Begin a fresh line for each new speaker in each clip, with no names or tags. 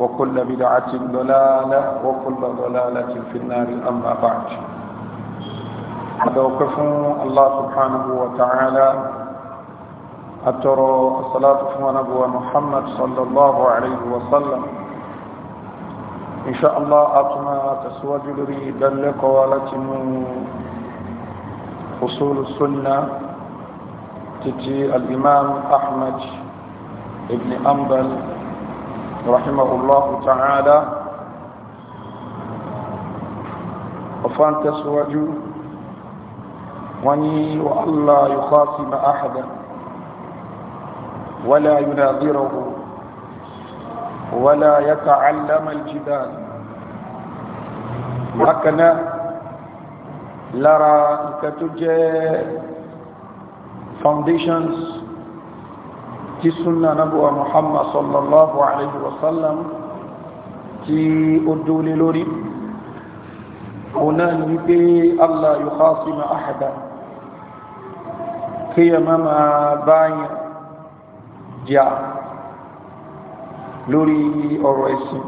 وكل بدعة ضلالة وكل ضلالة في النار أما بعد أدوكف الله سبحانه وتعالى أترى الصلاة ونبوة محمد صلى الله عليه وسلم إن شاء الله أتنا تسوى جلري دلق ولتم أصول السنة تجي الإمام أحمد ابن أنبل رحمه الله تعالى وفان تسواجو وني وألا يخاصم أحدا ولا يناظره ولا يتعلم الجدال هكذا لرى كتجي foundations tí súnà nábúwa muhammad sallallahu alayhi wa sallam tí ó dúlé lórí ọ̀nà ní pé allah yukhasima ahada kí ya máa báyìí jà lórí ọ̀rọ̀ ẹ̀sìn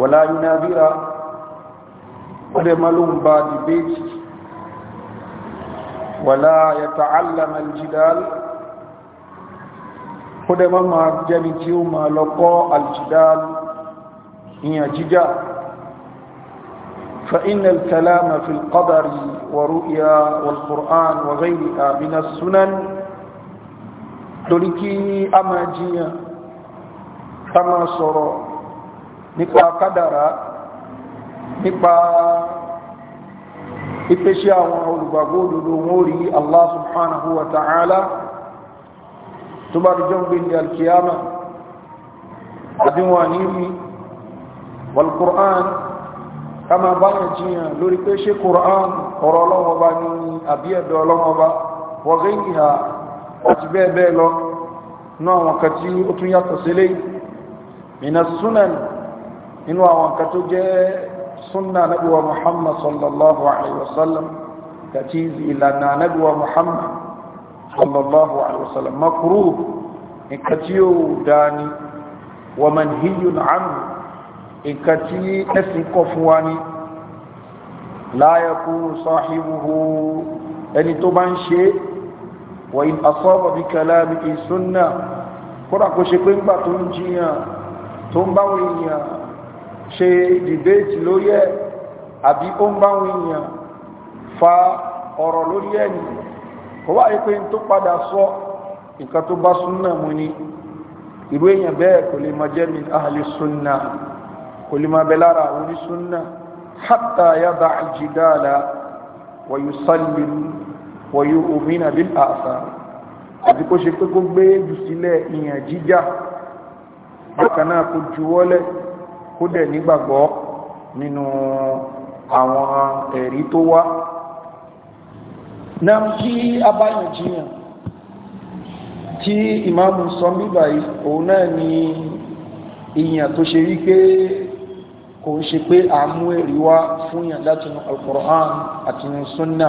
wàlá yunabira ọdẹ malumba debate wàlá yata'allama al-jidal kó dẹ̀ má máa jẹ́ni tí ó máa lọ kọ́ al ìyàn jíjá فإن الكلام في القدر ورؤيا والقرآن وغيرها من السنن تلكي أما جيا أما صرا نقوى قدرا نقوى ìpèsè àwọn olùgbàgbọ́ òdòdó wọ́n rí Allah subhanahu wa ta'ala tó bá di jọ́ gbé ní alkiyama àdínwà ní rí walkur'an kama báyẹ̀ jiyàn lórí pé ṣe kur'an ọ̀rọ̀ ọlọ́wọ́ bá ní àbí ẹ̀dọ̀ ọlọ́wọ́ bá wọ́gẹ́ ìhà àti bẹ́ẹ̀ bẹ́ẹ̀ lọ ní àwọn kan tí ó sunan inú àwọn kan tó nabuwa muhammad sallallahu alaihi wasallam kàtí ìlànà nabuwa muhammad sallallahu alaihi wasallam makruh nǹkan tí ó dání wa manhiyun anhu nǹkan tí ẹ̀sìn kọ̀ fún wa ní la yakunu sahibuhu ẹni tó bá ń ṣe wa in asaba bi kalamihi sunnah kódà kó ṣe pé ńgbà tó ń jiyàn tó ń báwọn èèyàn ṣe dìbéètì lórí ẹ̀ àbí ó fa ọ̀rọ̀ lórí ẹ̀ kò wá yí pé n tó padà sọ nǹkan tó bá súnà mu ni irú èèyàn bẹ́ẹ̀ kò lè máa jẹ́ min ahli súnà kò lè máa bẹ lára àwọn onísúnà hatta yada jidala wa yusallim wa yu'minu bil athar àti kó ṣe pé kó gbé jù sílẹ̀ ìyàn jíjà bákan náà kó juwọ́lẹ̀ kó dẹ̀ nígbàgbọ́ nínú àwọn ẹ̀rí tó wá náà tí a bá yàn jiyàn tí ìmáàmù sọ bíbà òun náà ni ìyàn tó ṣe wípé kò ń ṣe pé a mú ẹ̀rí wá fún yàn látinú alkùrán àtinú súnnà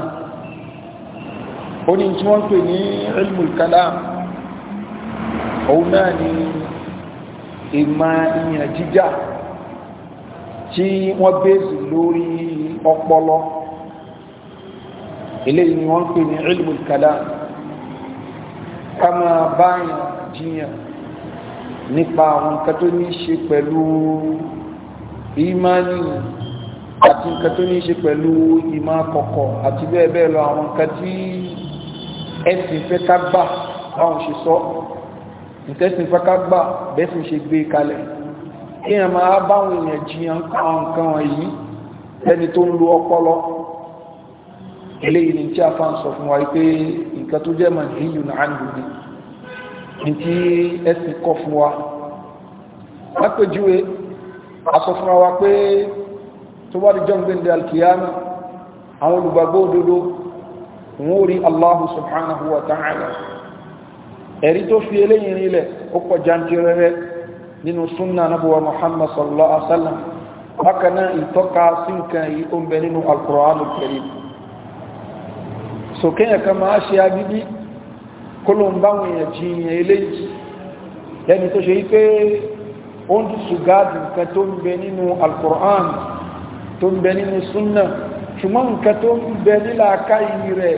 ó ní tí wọ́n pè ní ilmul kalam òun náà ni ìmọ̀ ìyàn jíjà tí wọ́n bèèzì lórí ọpọlọ eléyìí ni wọ́n ń pè ní ilmu kalam ká máa báyìí jiyàn nípa àwọn nǹkan tó ní ṣe pẹ̀lú ìmánì àti nǹkan tó ní ṣe pẹ̀lú ìmá kọ̀kọ̀ àti bẹ́ẹ̀ bẹ́ẹ̀ lọ àwọn nǹkan tí ẹ̀sìn fẹ́ ká gbà báwọn ṣe sọ ìtẹ́sìn fẹ́ ká gbà bẹ́sìn ṣe gbé e kalẹ̀ kí a máa báwọn èèyàn jiyàn àwọn nǹkan wọ̀nyí ẹni tó ń lo ọpọlọ eléyìí ni tí a fa ń sọ fún wa pé nǹkan tó jẹ́ màdíyù náà ń dùn ní tí ẹ̀sìn kọ́ fún wa lápèjúwe a sọ fún wa pé tó bá di jọ́ gbẹ̀ndẹ̀ alkiyama àwọn olùgbàgbọ́ òdodo wọn ò rí Allahu subhanahu wa ta'ala ẹ̀rí tó fi eléyìí nílẹ̀ ó pọ̀ jantirẹrẹ nínú súnnà nábúwa Muhammad sallallahu alaihi wasallam bákan náà ìtọ́ka sí yìí ó ń bẹ nínú alkùránù karim sòkéyàn kan máa ṣe agídí kó ló ń báwọn èèyàn jiyàn eléyìí lẹ́ni tó ṣe wípé ó ń dùsù gáàdì nǹkan tó ń bẹ nínú alkùrán tó ń bẹ nínú súnnà ṣùgbọ́n nǹkan tó ń bẹ nílà káyìí rẹ̀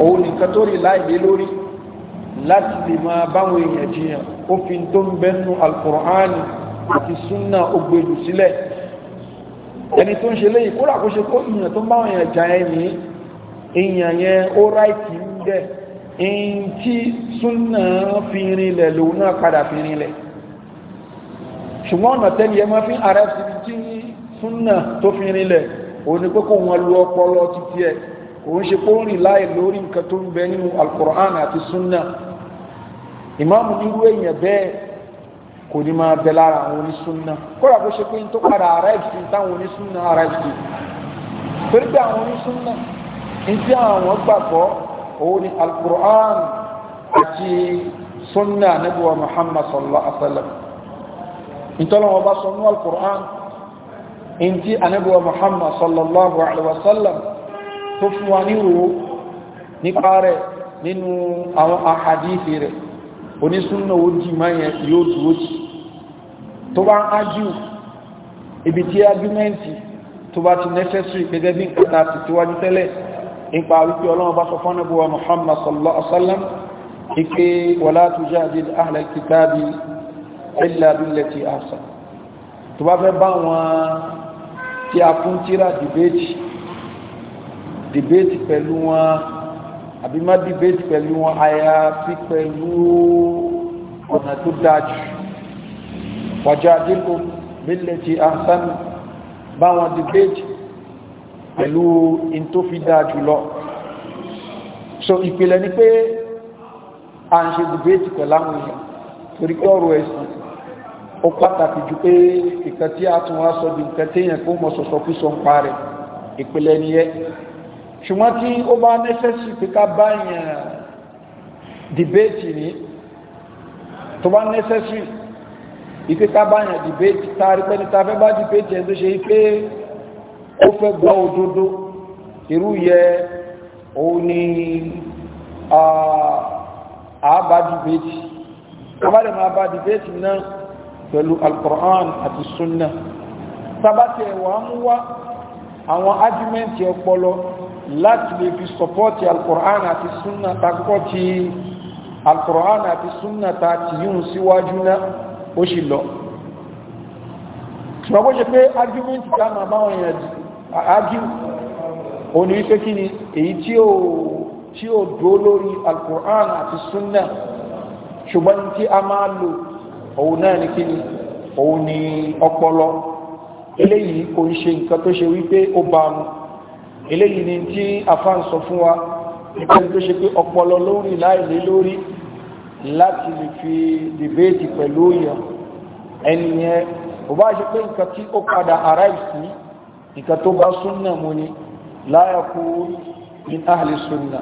òun nìkan tó rí láìlé lórí láti lè máa báwọn èèyàn jiyàn ó fi tó ń bẹ nínú alkùrán àti súnnà ó gbèlù sílẹ̀ ẹni tó ń ṣe léyìí kó làkóṣe kó ìyàn tó ń báwọn èèyàn jà ẹ̀ nìyí èèyàn yẹn ó ráìtì ń bẹ̀ èyí tí súnà fi rinlẹ̀ lòun náà padà fi rinlẹ̀ ṣùgbọ́n ọ̀nà tẹ́lẹ̀ yẹn máa fi ara sí tí súnà tó fi rinlẹ̀ òun ni pé kò wọn lu ọpọlọ títí ẹ̀ òun ṣe kó ń rìn láì lórí nǹkan tó ń bẹ nínú alukur'an àti súnà ìmáàmù irú èèyàn bẹ́ẹ̀ kò ní máa bẹ lára àwọn onísúnná kódà bó ṣe pé ń tó padà ara ẹ̀sìn táwọn onísúnná ara ẹ̀sìn torí pé àwọn onísúnná ntí àwọn gbàgbọ́ òun ni alukur'an àti sunna anabiwa muhammad sallallahu alaihi wa sallam ntọ́lọ́wọ́ bá sọ ní alukur'an ntí anabiwa muhammad sallallahu alaihi wa sallam tó fún wa ní ro nípa rẹ̀ nínú àwọn àhàdíìsì rẹ̀ onísúnà ó dì máa yóò dúró tì tó bá ń ájú ibi tí argumenti tó bá ti necessary gẹ́gẹ́ bí nǹkan láti tíwájú tẹ́lẹ̀ nípa wípé ọlọ́run bá sọ fún ẹgbẹ̀wà Muhammad sallallahu alaihi wasallam ike wala tujadil ahla kitabi illa billati ahsan tó bá fẹ́ bá wọn tí a kún tíra dìbéètì dìbéètì pẹ̀lú wọn àbí má dìbéètì pẹ̀lú wọn àyàfi pẹ̀lú ọ̀nà tó dájú wajadilhum billati ahsan bá wọn dìbéètì pẹ̀lú in tó fi dáa jùlọ so ìpìlẹ̀ ni pé a ń ṣe dìbẹ́tì pẹ̀lú àwọn èèyàn torí pé ọ̀rọ̀ ẹ̀sìn ó pàtàkì ju pé ìkan tí a tún wá sọ di nǹkan téèyàn kó mọ̀ sọ̀sọ̀ kú sọ ń pa rẹ̀ ìpìlẹ̀ nìyẹn ṣùgbọ́n tí ó bá nẹ́sẹ̀sì pé ká bá yẹn dìbẹ́tì ni tó bá nẹ́sẹ̀sì ìpé ká bá yẹn dìbẹ́tì tá a rí pẹ́ni tá a fẹ́ bá dìbẹ́tì ẹ̀ tó ṣe pé ó fẹ́ gbọ́ òdodo irú yẹ òun ni àbá dìbẹ́tì àbálẹ̀ máa bá dìbẹ́tì náà pẹ̀lú alkùrán àti súnnà sábàtì ẹ̀wà mú wá àwọn ájúmẹ́ntì ọpọlọ láti lè fi sọpọ́tì alkùrán àti súnnà takọ́ ti alkùrán àti súnnà ta ti yíò síwájú náà ó sì lọ ṣùgbọ́n bó ṣe pé ájúmẹ́ntì ká ágí o ní wípé kí ni èyí tí ó dó lórí alkùrán àti súnnà ṣùgbọ́n tí a máa lò òun náà ní kí ni òun ni ọpọlọ eléyìí kò ń ṣe nǹkan tó ṣe wípé ó bá mu eléyìí ni tí afá ń sọ fún wa nítorí tó ṣe pé ọpọlọ lórí láìlé lórí láti lè fi dìbéètì pẹ̀lú òyìn ẹnìyẹn ò bá ṣe pé nǹkan tí ó padà arrive sí nǹkan tó bá súnà mu ni láyà kú ní ahli súnà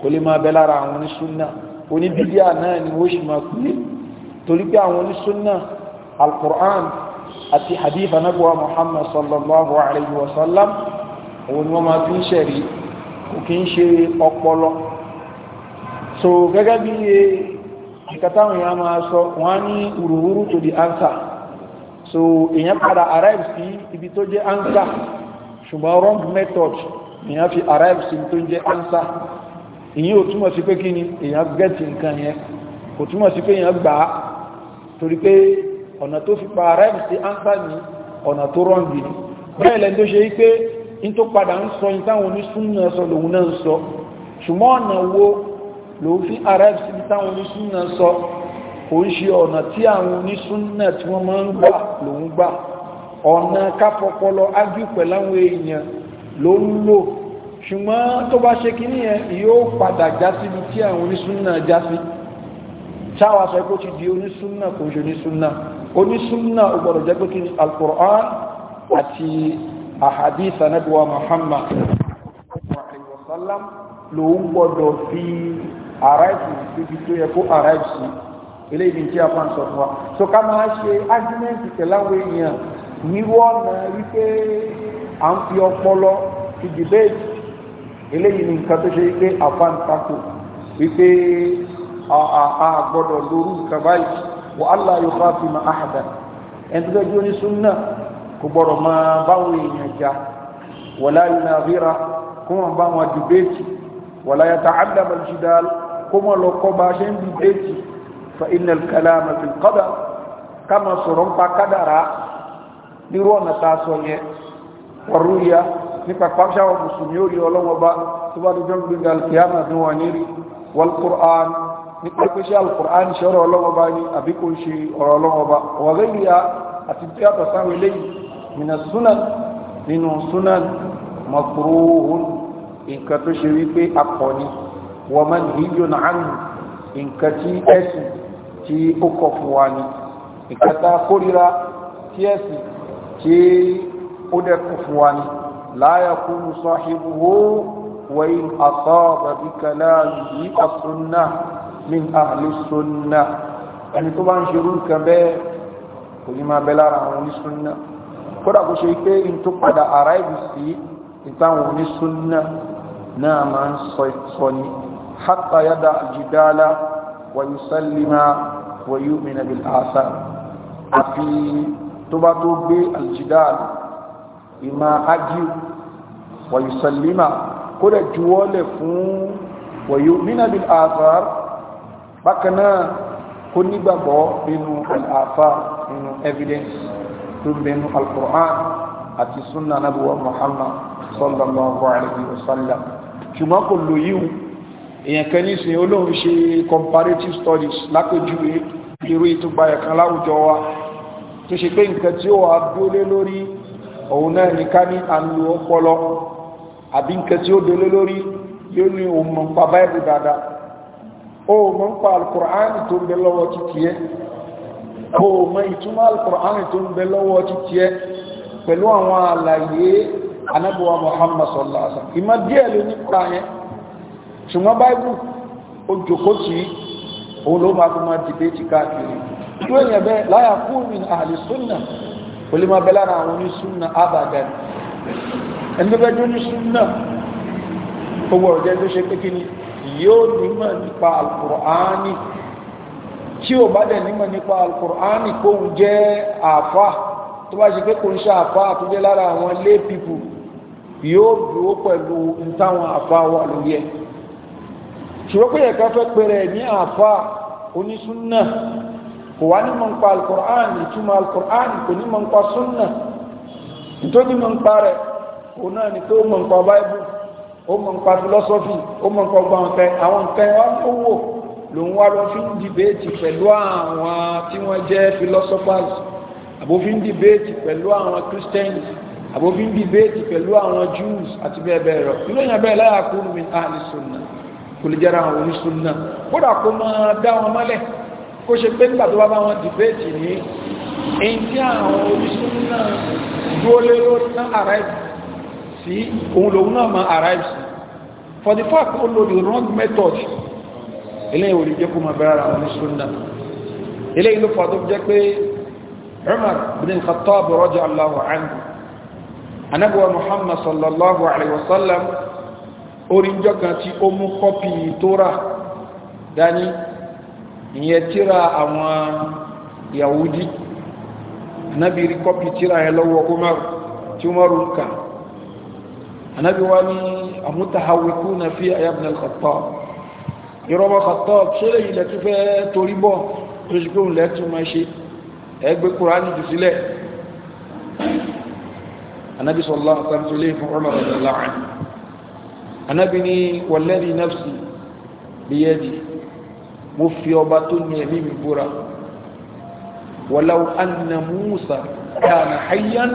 kò lè máa bẹ lára àwọn onísúnà oníbídíà náà ni wọ́n sì máa pè é torí pé àwọn onísúnà alkur'an àti hadith anabuwa muhammad sallallahu alayhi wa sallam òun ni wọ́n fi ń ṣẹ̀rí kò kí ń so gẹ́gẹ́ bí ìkàtàwìn a máa sọ wọ́n á ní wùrùwúrù tó di answer so èyàn padà arrive sí ibi tó jẹ́ answer ṣùgbọ́n wrong method èyàn fi arrive sí tó jẹ́ answer ìyí ò túmọ̀ sí pé kí ni èyàn get nǹkan yẹn kò túmọ̀ sí pé èyàn gbà á torí pé ọ̀nà tó fi pa arrive sí answer ni ọ̀nà tó wrong ni bẹ́ẹ̀ lẹ́ni tó ṣe wípé in tó padà ń sọ in táwọn onísúnnà sọ lòun náà sọ ṣùgbọ́n ọ̀nà wo lòun fi arrive sí ibi táwọn onísúnnà sọ kò ń ṣe ọ̀nà tí àwọn onísúnnà tí wọ́n máa ń gbà ló ń gbà ọ̀nà kápọpọlọ ájú pẹ̀láwọn èèyàn ló ń lò ṣùgbọ́n tó bá ṣe kíní ẹ̀ yóò padà já tí àwọn onísúnnà di onísúnnà kò ń ṣe onísúnnà onísúnnà ò gbọ́dọ̀ jẹ́ pé kí ni àti Muhammad ló ń gbọ́dọ̀ fi eléyìí tí a fa ń sọ fún wa so ká máa ṣe ágímẹ́ǹtì tẹ̀láwọ̀ èèyàn níwọ́ ọ̀nà wípé à ń fi ọpọlọ fi dìbéètì eléyìí ni nǹkan tó ṣe wípé àfáǹtakò wípé a gbọ́dọ̀ lórí nǹkan báyìí wà Allah yóò fà fi máa àhàdà ẹni tó fẹ́ ní súnà kò gbọ́dọ̀ máa báwọn èèyàn jà wala yunazira kó wọn bá wọn dìbéètì wala yata'allama al-jidal kó wọn lọ kọ́ bá ṣe ń dìbéètì فإن الكلام في القدر كما سرم قدرا ديرون تاسوني والرؤيا نيبا قامشا ومسلميو دي ولو با تبا دي جون بين القيامة نوانيري والقرآن نيبا كوشي القرآن شر ولو با ني أبي كوشي ولو با وغيرها أتبتيا تساوي لي من السنن من السنن مكروه إن كتشوي أقوني ومنهي عنه إن كتي أسن tí ó kọ̀ fún wa ni ìkẹta kórìíra tí ẹ̀sìn tí ó dẹ́kun fún wa ni láyà kú sọ́hìbùhó wẹ́yìn àtọ́bàbíkàlá yìí àsúnná min ahli sunna ẹni tó bá ń ṣerú nǹkan bẹ́ẹ̀ kò ní máa bẹ lára àwọn onísúnná kódà kó ṣe pé in tó padà ara ìbù sí ìtàwọn onísúnná náà máa ń sọ ní hatta yada jidala wa ويؤمن بالآثار àfi tó bá tó gbé aljidal ìmá ájú wàyùsàlímà kó dẹ̀ juwọ́lẹ̀ fún ويؤمن بالآثار bákan náà kó nígbàgbọ́ nínú al-athar nínú evidence tó bẹnu al-Qur'an àti sunna nabuwa Muhammad sallallahu alayhi wa sallam ṣùgbọ́n kò lòyíwù èèyàn kan ní sin olóhun ṣe comparative studies lápèjúwe irú ìtúgba ẹ̀kan láwùjọ wa tó ṣe pé nǹkan tí ó wà dólé lórí òun náà ní ká ní àlù ọpọlọ àbí nǹkan tí ó dólé lórí yóò ní òun mọ̀ nípa báìbù dáadáa ó mọ̀ nípa alukùránì tó ń bẹ lọ́wọ́ títí ẹ ó mọ̀ ìtumọ̀ alukùránì tó ń bẹ lọ́wọ́ títí ẹ pẹ̀lú àwọn àlàyé anábíwá Muhammad sallallahu alaihi wasallam ìmọ̀ díẹ̀ ló nípa yẹn ṣùgbọ́n báìbù ó òun ló máa kó máa dìbéètì káàkiri irú èèyàn bẹ́ẹ̀ láyà fún mi ahli sunna kò lè máa bẹ lára àwọn onísúnà abadan ẹni tó bẹ́ẹ̀ jẹ́ onísúnà owó ọ̀jẹ́ tó ṣe kékeré ni yóò nímọ̀ nípa alukur'ani tí o bá dẹ̀ nímọ̀ nípa alukur'ani kó o jẹ́ àfa tó bá ṣe pé kò ń ṣe àfa tó lára àwọn lay people yóò dúró pẹ̀lú ntáwọn àfa wà lórí ṣùgbọ́n pé ẹ̀ka fẹ́ pẹ̀rẹ̀ ní àfá onísúnnà kò wá ní mọ̀ǹpa alkùnrán ìtumọ̀ alkùnrán kò ní mọ̀ǹpa súnnà tó ní mọ̀ǹpa rẹ̀ kò náà ni pé ó mọ̀ǹpa báìbù ó mọ̀ǹpa filosofi ó mọ̀ǹpa gbọ̀ǹkẹ́ àwọn nǹkan wá tó wò lòun wá lọ fi ń dìbéètì pẹ̀lú àwọn tí wọ́n jẹ́ philosophers àbófin dìbéètì pẹ̀lú àwọn christians jews àti bẹ́ẹ̀ bẹ́ẹ̀ rọ̀ ìlú èèyàn bẹ́ẹ̀ láyà sunnah kò lè jẹ́ra àwọn onísúnnà kódà kó máa dá wọn mọ́lẹ̀ kó ṣe pé nígbà tó bá bá wọn dìbẹ́ẹ̀tì ní èyí tí àwọn onísúnnà dúró lé lórí náà arrive sí òun lòun náà máa arrive sí for the fact ó lo the wrong method oríjọ́ kan tí ó mú kọ́pì tóra dání ìyẹn tíra àwọn yahudi anábì rí kọ́pì tíra yẹn lọ́wọ́ umaru tí umaru ń kà anábì wá ní amutahawikuna fi ya ibn al-Khattab ìrọ́bọ̀ Khattab ṣẹlẹ̀ ilẹ̀ tó fẹ́ torí bọ̀ tó ṣe pé òun máa ṣe ẹgbẹ́ kúránì jù sílẹ̀ anábì sallallahu alaihi wa fún Umar radiyallahu anhu anábì ní wọlẹ́rì nafsi bíyẹ́dì mo fi ọba tó ní ẹ̀mí mi búra wọláwó anna musa kana hayyan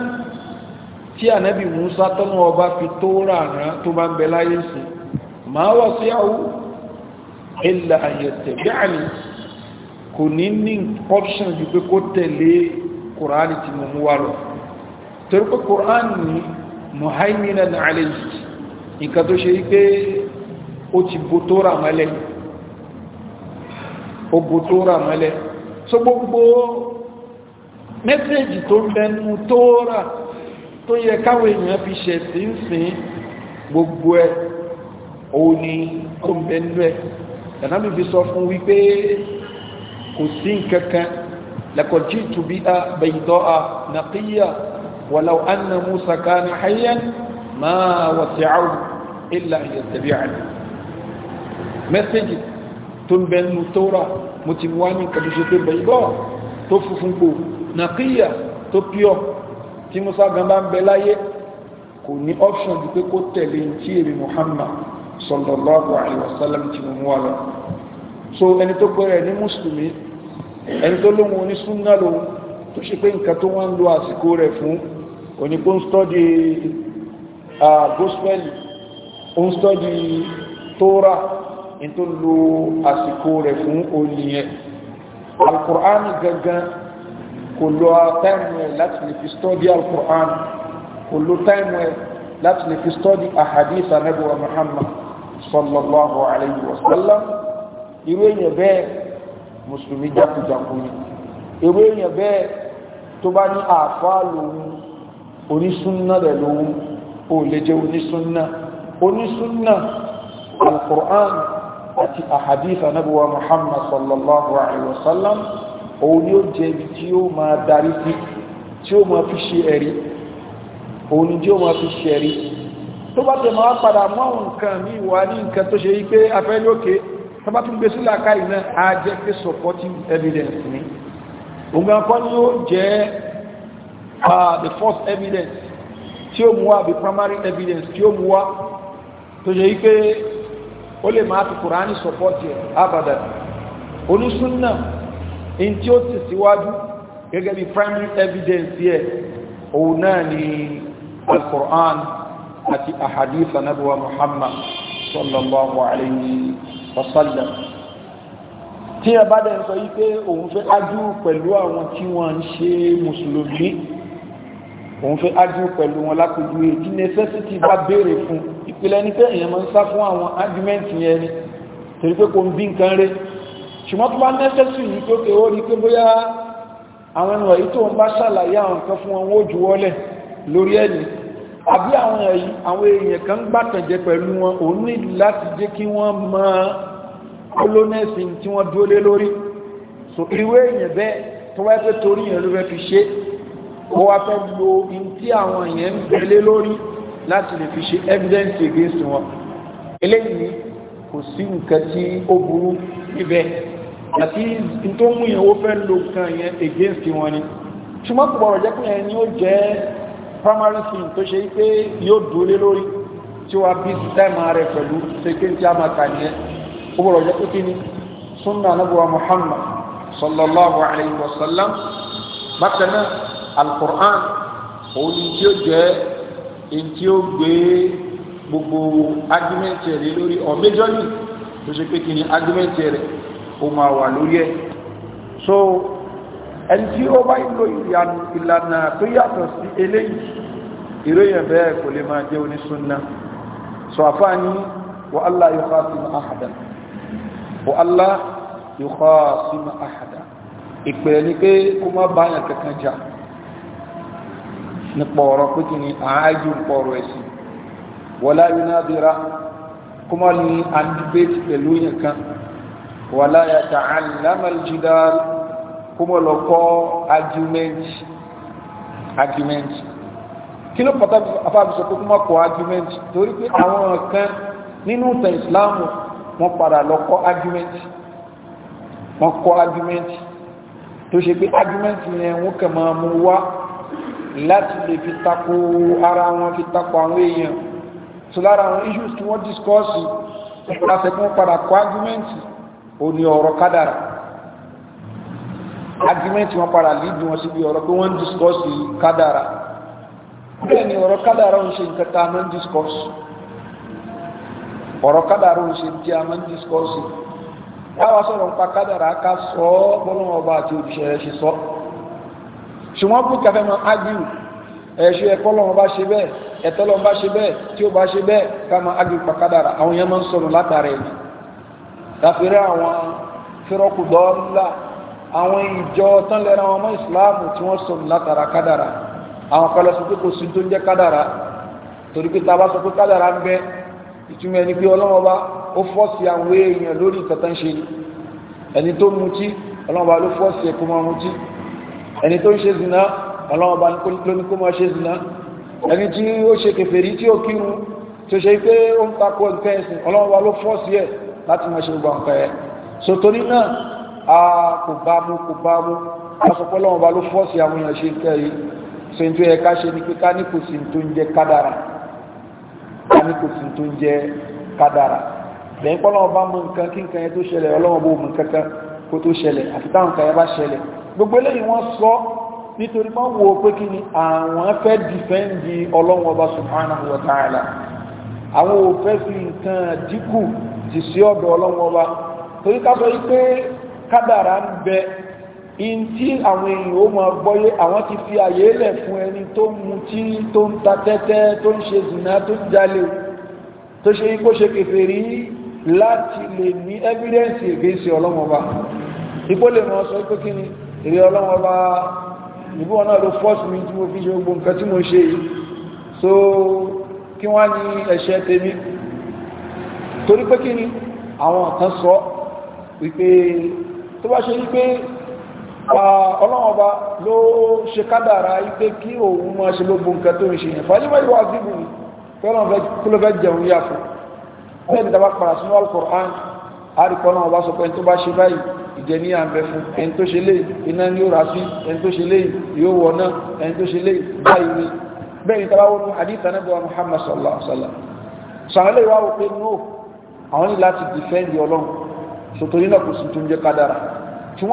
tí anábì musa tọ́nà ọba fi tó ràrá tó bá ń bẹ láyé sí máa wà sí àwú ilẹ̀ àyẹ̀tẹ̀ bíàní kò ní ní option ju pé kó tẹ̀lé kùránì tí mo mú wá lọ torí pé kùránì muhaiminan alayhi nǹkan tó ṣe wípé ó ti bo tó rà mọ́lẹ̀ ó bo tó rà mọ́lẹ̀ so gbogbo mẹ́sẹ̀jì tó mẹ́nu tó rà tó yẹ káwọn èèyàn fi ṣẹ̀ sí ń sìn gbogbo ẹ̀ òun ni ó mẹ́nu ẹ̀ ẹ̀nàmì fi sọ fún wípé kò sí nǹkankan laqad ji'tu biha bayda'a naqiyya walau anna Musa kana hayyan ما وسعوا إلا أن يتبعني mẹ́sẹ̀jì tó ń bẹnu tóra mo ti wá ní kàbíṣe tó bẹ̀ ìbọ̀ tó funfun gbò nàkíyà tó píọ̀ tí musa gan bá ń bẹ láyé kò ní option di pé kó tẹ̀lé tí èrè muhammad sallallahu alaihi wasallam ti mú wà lọ so ẹni tó pẹ̀rẹ̀ ní mùsùlùmí ẹni tó lóhun onísúnnà lòun tó ṣe pé nǹkan tó wá ń lo àsìkò rẹ̀ fún onípò ń stọ́dì Ah, gospel ó ń study Torah in tó lo àsìkò rẹ̀ fún oníyẹn alukur'an gangan kò lo táìmù ẹ̀ láti lè fi study alukur'an kò lo táìmù ẹ̀ láti lè fi study ahadith anabuwa Muhammad sallallahu alayhi wa sallam irú èèyàn bẹ́ẹ̀ mùsùlùmí jákujàku ni irú èèyàn bẹ́ẹ̀ tó bá ní àfáà lòun onísúnnà rẹ̀ lòun ó lè jẹ́ onísúnnà onísúnnà alkùrán àti àhàdíta nábúwa muhammad sallallahu alaihi wasallam òun ni ó jẹ́ ibi tí ó máa darí sí tí ó máa fi ṣe ẹ̀rí òun ni tí ó máa fi ṣe ẹ̀rí tó bá tẹ máa padà mọ́ nǹkan ní ìwà ní nǹkan tó ṣe yí pé afẹ́ lókè tó ah, the first evidence tí ó mú wá bí primary evidence tí ó mú wá tó ṣe yí pé ó lè máa fi kùránì sọpọ́tì ẹ̀ abadan onísúnnà in tí ó ti síwájú gẹ́gẹ́ bí primary evidence yẹ òun náà ni al-Qur'an àti ahadith anabuwa Muhammad sallallahu alayhi wa sallam tí ẹ bá dẹ̀ sọ yí pé òun fẹ́ ájú pẹ̀lú àwọn tí wọ́n ń ṣe mùsùlùmí òun fẹ́ ájú pẹ̀lú wọn lápẹjú èjì necessity bá béèrè fún ìpìlẹ̀ ní pé èèyàn máa ń sá fún àwọn argument yẹn ni torí pé kò ń bí nǹkan rẹ̀ ṣùgbọ́n tó bá necessary ní pé ó rí pé bóyá àwọn ènìyàn yìí tó ń bá ṣàlàyé àwọn nǹkan fún wọn ó juwọ́lẹ̀ lórí ẹ̀ní àbí àwọn èyí àwọn èèyàn kan gbàtànjẹ pẹ̀lú wọn òun ní láti jẹ́ kí wọ́n mọ olónẹ́sìn tí wọ́n dúólé lórí so irú èèyàn bẹ́ẹ̀ tó wáyé pé torí èèyàn ló fẹ́ fi ṣe é ó wá fẹ́ lo in tí àwọn yẹn ń gbélé lórí láti lè fi ṣe evidence against wọn eléyìí kò sí nǹkan tí ó burú níbẹ̀ àti tó mú yẹn ó fẹ́ lo kan yẹn against wọn ni ṣùgbọ́n kò bọ̀rọ̀ jẹ́ pé yẹn ni ó jẹ́ primary thing tó ṣe pé yóò dúró lórí tí wàá bí sẹ́mà rẹ̀ pẹ̀lú ṣèké tí a máa kà ní ó bọ̀rọ̀ jẹ́ pé kí sunna anabuwa muhammad sallallahu alayhi wa sallam bákan náà alukur'an òun ni tí ó jẹ́ èyí tí ó gbé gbogbo agimẹ́ntì rẹ̀ lórí ọ̀ tó ṣe pé kí ni agimẹ́ntì rẹ̀ ó máa wà lórí ẹ̀ so ẹni tí ó bá ìlò ìlànà tó yàtọ̀ sí eléyìí ìròyìn bẹ́ẹ̀ kò lè máa jẹ́ onísúnná so àfáàní wa Allah yukhasimu ahada wa Allah yukhasimu ahada ìpẹ̀lẹ̀ ni pé kó má báyàn kankan jà nípa ọ̀rọ̀ pé kí ni àájú nípa ọ̀rọ̀ ẹ̀sìn wọlá yunadira kó má ní andibate pẹ̀lú yẹn kan wọlá yàtà alámàlìjìdáàrú kó má lọ kọ́ argument argument kí ló pàtàkì afábisọ pé kó má kọ́ argument torí pé àwọn kan nínú ìtàn ìsìláàmù wọ́n padà lọ kọ́ argument wọ́n kọ́ argument tó ṣe pé argument yẹn wọ́n kàn máa mú wá láti lè fi tako ara wọn fi tako àwọn èèyàn so lára àwọn issues tí wọ́n discuss ìpàṣẹ fún padà kọ argument ò ní ọ̀rọ̀ kádàrà argument wọn padà lídì wọn síbi ọ̀rọ̀ pé wọ́n discuss kádàrà bẹ́ẹ̀ ni ọ̀rọ̀ kádàrà ń ṣe nǹkan tá a máa ń discuss ọ̀rọ̀ kádàrà ń ṣe tí a máa ń discuss báwa sọ̀rọ̀ nípa kádàrà ká sọ ọ́ bọ́lọ́wọ́ àti òbíṣẹ́ rẹ̀ ṣe sọ ọ́ ṣùgbọ́n kú kẹfẹ́ mọ ágìrì ẹ̀ṣẹ́ ẹ̀kọ́ lọ́wọ́ bá ṣe bẹ́ẹ̀ ẹ̀tọ́ lọ́wọ́ bá ṣe bẹ́ẹ̀ tí ó bá ṣe bẹ́ẹ̀ ká mọ ágìrì pàkádàrà àwọn yẹn máa ń sọnù látara ẹ̀mí tàfẹ́rẹ́ àwọn fẹ́rọ́kù dọ́ọ́lá àwọn ìjọ tán lẹ́ra àwọn ọmọ ìsìláàmù tí wọ́n sọnù látara kádàrà àwọn kan lọ sọ pé kò sí ẹni tó ń ṣe zina ọlọ́wọ́ bá lóní kó máa ṣe zina ẹni tí ó ṣe kèfèrí tí ó kírun tó ṣe pé ó ń takò nǹkan ẹ̀sìn ọlọ́wọ́ bá ló fọ́ sí ẹ̀ láti máa ṣe gbogbo nǹkan ẹ̀ so torí náà a kò bá mú kò bá mú aṣọpọ̀ ọlọ́wọ́ bá ló nǹkan kí nǹkan yẹn tó ṣẹlẹ̀ ọlọ́wọ́ bó mú nǹkan kan kó tó ṣẹlẹ̀ àti táwọn nǹkan yẹn bá ṣẹlẹ̀ gbogbo eléyìí wọ́n sọ nítorí wọ́n wo pé kí ni àwọn fẹ́ dìfẹ́ǹdì ọlọ́run ọba subhanahu wa ta'ala àwọn ò fẹ́ fi nǹkan dínkù jì sí ọ̀dọ̀ ọlọ́run ọba torí ká sọ wípé kádàrá ń bẹ in tí àwọn èèyàn ó máa gbọ́yé àwọn ti fi àyè lẹ̀ fún ẹni tó mutí tó ń ta tẹ́tẹ́ tó ń ṣe zìnà tó ń jalè tó ṣe yí kó ṣe kèfèrí láti lè ní evidence against ọlọ́run ọba ipò lè máa sọ pé kí ni èrè ọlọ́wọ́ bá ìbú ọ̀nà ló fọ́sí mi tí mo fi ṣe gbogbo nǹkan tí mo ṣe yìí so kí wá ní ẹ̀ṣẹ̀ tèmi torí pé kí ni àwọn kan sọ wípé tó bá ṣe wípé ọlọ́wọ́ bá ló ṣe kádàrá wípé kí òun máa ṣe gbogbo nǹkan tó ń ṣe yẹn fàájú báyìí wá síbù ni kọ́lọ́ fẹ́ jẹun yá Al-Qur'an àríkọ́ náà wá sọ pé tó jẹ ní àbẹ fún ẹni tó ṣe lé iná ní ó rà sí ẹni tó ṣe lé yóò wọ náà ẹni tó ṣe lé báyìí bẹ́ẹ̀ ni tàbá wọnú náà bọ́ Muhammad sallallahu alaihi wasallam sàrẹ́lẹ̀ ìwà wò pé no àwọn ní láti dìfẹ́ǹdì ọlọ́run sòtòrí náà kò sì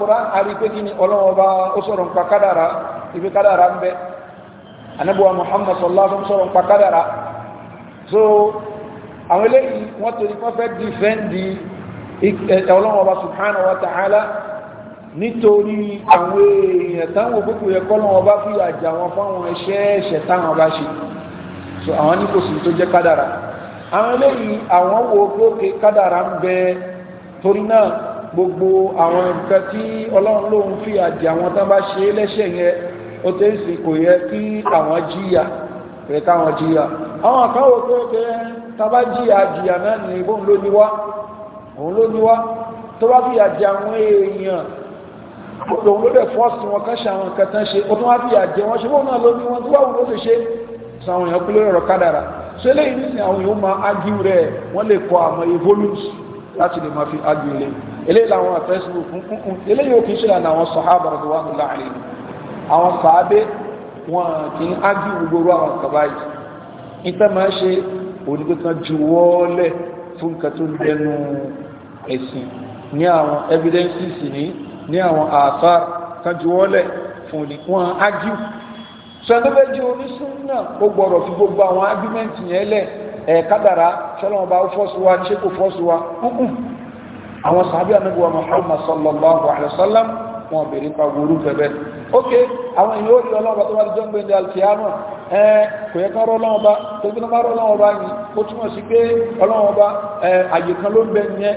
quran àrí pé kí ni ọlọ́run ọba ó sọ̀rọ̀ nípa kádàrà ibi kádàrà ń Muhammad sallallahu alaihi wasallam sọ̀rọ̀ nípa so àwọn eléyìí wọ́n torí wọ́n fẹ́ dìfẹ́ǹdì ọlọ́wọ́ ọba subhanahu wa ta'ala nítorí àwọn èèyàn táwọn òkúkú yẹ kọ́lọ́wọ́ bá fi àjà wọn fáwọn ẹ̀ṣẹ̀ ẹ̀ṣẹ̀ táwọn bá ṣe so àwọn ní kò tó jẹ́ kádàrà àwọn eléyìí àwọn wo gbókè kádàrà ń bẹ torí náà gbogbo àwọn nǹkan tí ọlọ́run ló fi àjà wọn tán bá ṣe lẹ́ṣẹ̀ yẹn ó tẹ́ sì kò yẹ kí àwọn jìyà rẹ̀ káwọn jìyà àwọn àkáwò tó tá òun ló ní wá tó wá fìyà jẹ àwọn èèyàn òun ló dẹ̀ fọ́ọ̀sì wọn kan ṣe àwọn nǹkan tán ṣe ó tún wá fìyà jẹ wọn ṣe wọn náà ló ní wọn tó wá wù ló lè ṣe sọ àwọn èèyàn kúlẹ̀ ọ̀rọ̀ kádàrà ṣé lẹ́yìn nísìnyí àwọn èèyàn máa ágí rẹ̀ wọ́n lè kọ àmọ́ evolumes láti lè máa fi ágí rẹ̀ eléyìí làwọn àfẹ́sìmù kúnkún eléyìí ò kì í ṣe lànà àwọn sọ̀hábà rẹ̀ wà nílá àwọn sàábé wọn kì í ágí gbogbo àwọn kaba yìí níta máa ṣe onígbẹ́kan juwọ́lẹ̀ fún nǹkan dẹnu ẹ̀sìn ní àwọn evidences ní ní àwọn àfáà kájúwọ́lẹ̀ fún ní wọn ájú sọdọ́bẹ́jì onísùn náà ó gbọ́dọ̀ fi gbogbo àwọn argument yẹn lẹ̀ ẹ̀ kádàrá sọlọ́wọ́n bá fọ́sù wa Muhammad sallallahu alaihi wasallam wọn bèrè pa wúrú bẹ̀bẹ̀ ok àwọn èèyàn ó rí ọlọ́wọ́ tó bá ti jọ́ǹgbé ní alkiyama ẹ kò yẹ ká rọ ọlọ́wọ́ bá tó bí wọ́n bá rọ ọlọ́wọ́ yìí ó túmọ̀ sí pé ọlọ́wọ́ bá ló ń bẹ yẹn